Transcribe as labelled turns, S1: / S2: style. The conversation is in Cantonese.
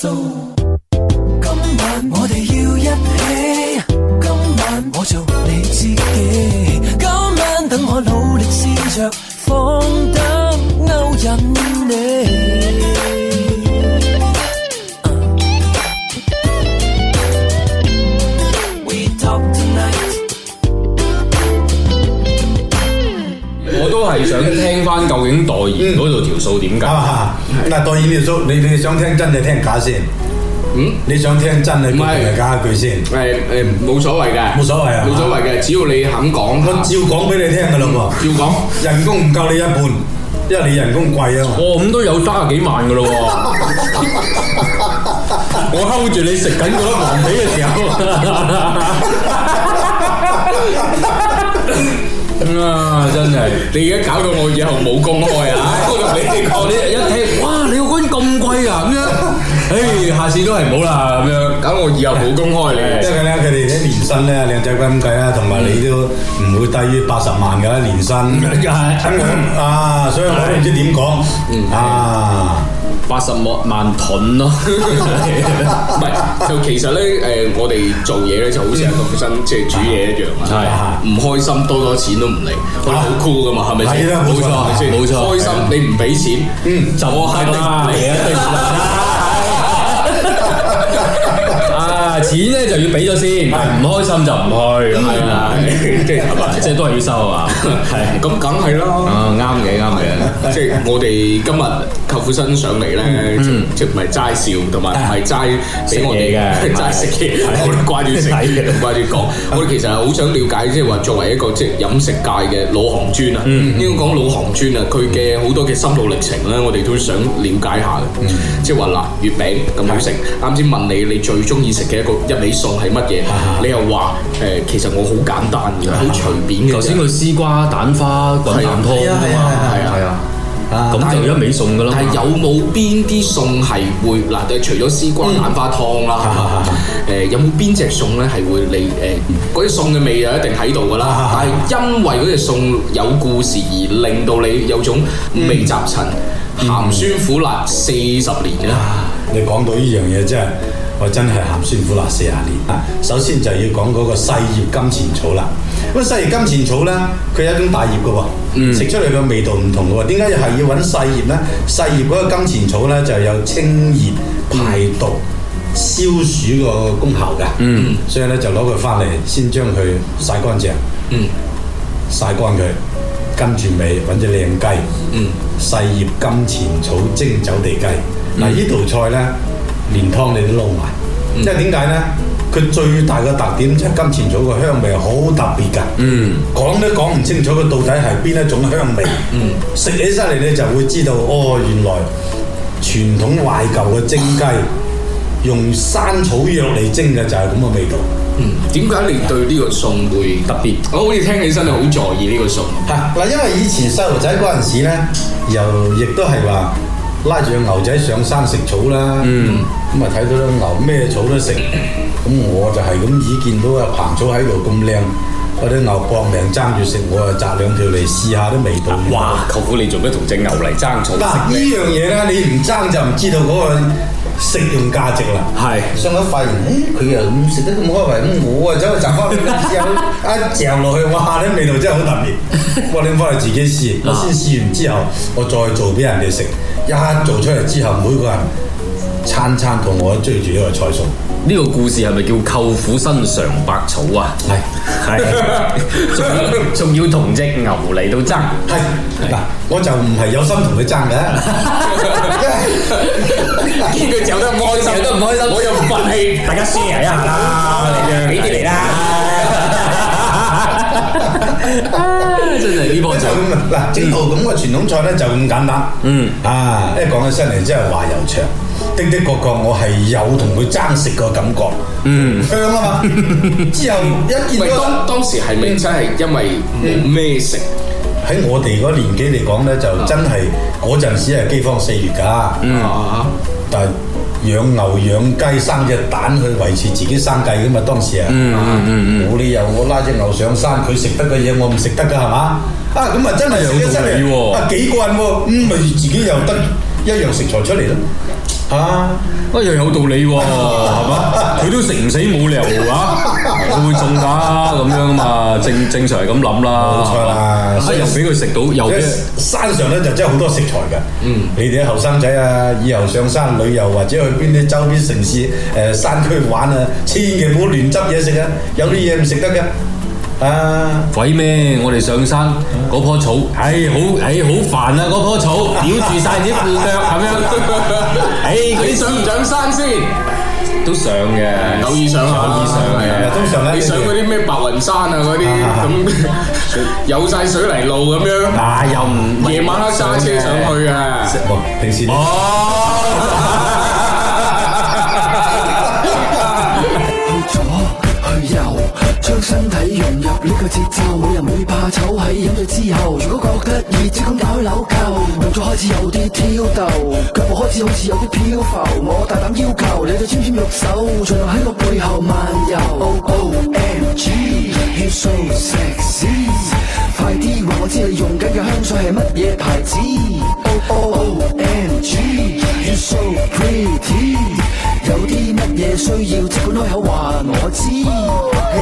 S1: 今晚我哋要一起，今晚我做你知己，今晚等我努力試着。
S2: 翻究竟代言嗰度條數點解？嗱，代言條數，你你想聽真定聽假先？嗯，你想聽真定唔係假句先？誒誒，冇所謂嘅，冇所謂啊，冇所謂嘅，只要你肯講，我照講俾你聽嘅啦喎，要講人工唔夠你一半，因為你人工貴啊嘛，咁都有三十幾萬嘅咯喎，
S1: 我睺住你食緊嗰粒黃皮嘅時候。真係你而家搞到我以後冇工開啊！我啲一聽。
S2: 誒，下次都係冇啦咁樣，咁我以後冇公開你。因為咧，佢哋年薪咧，靚仔咁計啦，同埋你都唔會低於八十萬嘅一年薪。係啊，啊，
S1: 所以我都唔知點講啊，八十萬萬盾咯，唔係就其實咧，誒，我哋做嘢咧就好似係咁身即係煮嘢一樣啊，係係，唔開心多咗錢都唔嚟，佢好酷噶嘛，係咪先？冇錯，冇錯，開心你唔俾錢，嗯，就我係。錢咧就要俾咗先，唔開心就唔去，係啦，即係都係要收啊，係，咁梗係咯，啊啱嘅啱嘅，即係我哋今日舅父身上嚟咧，即係唔係齋笑，同埋唔係齋俾我哋嘅，齋食嘢，我掛住睇嘅，掛住講，我哋其實係好想了解，即係話作為一個即係飲食界嘅老行專啊，應該講老行專啊，佢嘅好多嘅心路歷程咧，我哋都想了解下嘅，即係話嗱，月餅咁好食，啱先問你你最中意食嘅一個，一味餸係乜嘢？ 你又話誒，其實我好簡單嘅，好隨便嘅。頭先個絲瓜蛋花滾蛋湯係啊係啊係啊係啊，咁就一味餸噶啦。但係有冇邊啲餸係會嗱？除咗絲瓜、嗯、蛋花湯啦，誒 有冇邊隻餸咧係會你誒嗰啲餸嘅味又一定喺度噶啦？但係因為嗰隻餸有故事而令到你有種五味雜陳鹹酸苦辣四十年嘅咧、嗯啊。你講
S2: 到呢樣嘢真係～我真係鹹酸苦辣四十年啊！首先就要講嗰個細葉金錢草啦。咁細葉金錢草咧，佢有種大葉嘅喎，食、嗯、出嚟嘅味道唔同嘅喎。點解要係要揾細葉咧？細葉嗰個金錢草咧，就有清熱、排毒、消暑個功效嘅。嗯，所以咧就攞佢翻嚟，先將佢曬乾淨。嗯，曬乾佢，跟住尾揾隻靚雞。嗯，細葉金錢草蒸走地雞。嗱、嗯，呢道菜咧。連湯你都撈埋，即、嗯、係點解咧？佢最大嘅特點就係金錢草嘅香味好特別㗎。嗯，講都講唔清楚佢到底係邊一種香味。嗯，食起上嚟你就會知道，哦，原來傳統懷舊嘅蒸雞用山草藥嚟蒸嘅就係咁嘅味道。嗯，點解你對呢個
S1: 餸會特別？我好似聽起身你好在意呢個餸、嗯。係
S2: 嗱，因為以前細路仔嗰陣時咧，又亦都係話。拉住隻牛仔上山食草啦，咁啊睇到啲牛咩草都食，咁、嗯、我就係咁耳見到啊，棚草喺度咁靚，嗰啲牛搏命爭住食，我啊摘兩條嚟試下啲味道。啊嗯、哇！舅
S1: 父你做咩同隻牛嚟爭草食？嗱，依
S2: 樣嘢咧，你唔爭就唔知道喎、嗰個。食用價值啦，係是上一發現，誒佢又唔食得咁開胃，咁我啊走去摘開之後，一嚼落去，哇！啲味道真係好特別。我拎翻去自己試，我先試完之後，我再做俾人哋食。一、啊、做出嚟之後，每個人,每個人餐餐同我追住呢個菜餸。呢個故事係咪叫舅父身上百草啊？係係是，仲要同隻牛嚟到爭係嗱，是我就唔係有心同佢爭嘅。
S1: 見佢走得唔開心，都唔開心，我又唔忿氣， 大家輸贏一
S2: 下啦，你 哋、 就是，你哋嚟啦！真係呢盤菜咁嗱，呢道咁嘅傳統菜咧就咁簡單，嗯啊，一講起出嚟真係話又長，的的確確我係有同佢爭食個感覺，嗯，香啊嘛。之後一件當當時係未真係，因為冇咩食喺、嗯嗯、我哋嗰年紀嚟講咧，就真係嗰陣時係饑荒四月㗎，嗯啊啊。啊但係養牛養雞生隻蛋去維持自己生計嘅嘛，當時、嗯嗯嗯、啊，冇理由我拉隻牛上山，佢食得嘅嘢我唔食得㗎，係嘛？啊咁啊，真係有道理喎、啊啊，幾羣喎、啊，嗯咪自己又得一樣食材出嚟咯，嚇、啊，一、啊、
S1: 又有道理喎、啊，係嘛？ 佢、啊、都食唔死冇理由啊！ 會，會中㗎咁、啊、樣啊嘛，正正常咁諗啦。冇錯啦、啊，又以俾佢食到又啲
S2: 山上咧就真係好多食材嘅。嗯，你哋啲後生仔啊，以後上山旅遊或者去邊啲周邊城市誒、呃、山區玩啊，千祈唔好亂執嘢食啊！有啲嘢唔食得嘅
S1: 啊！鬼咩？我哋上山嗰棵草，唉、哎、好唉、哎、好煩啊！嗰棵草屌住晒啲褲腳咁樣。唉，你、 哎、上唔上山先？都上嘅，偶爾上下，偶爾上下嘅。通常咧，你上嗰啲咩白雲山啊嗰啲，咁有晒水泥路咁樣。夜晚黑揸車上去嘅。哦！
S2: 將身體融入呢個節奏，冇人會怕醜喺飲醉之後。如果覺得熱，即管打開紐扣，動作開始有啲挑逗，腳步開始好似有啲漂浮。我大膽要求你對纖纖玉手，盡量喺我背後漫遊。O O M G，you so sexy，mm hmm. 快啲話我知你用緊嘅香水係乜嘢牌子。Mm hmm. O O O M G，you so pretty，mm hmm. 有啲乜嘢需要，即管開口話我知。Mm hmm. mm hmm.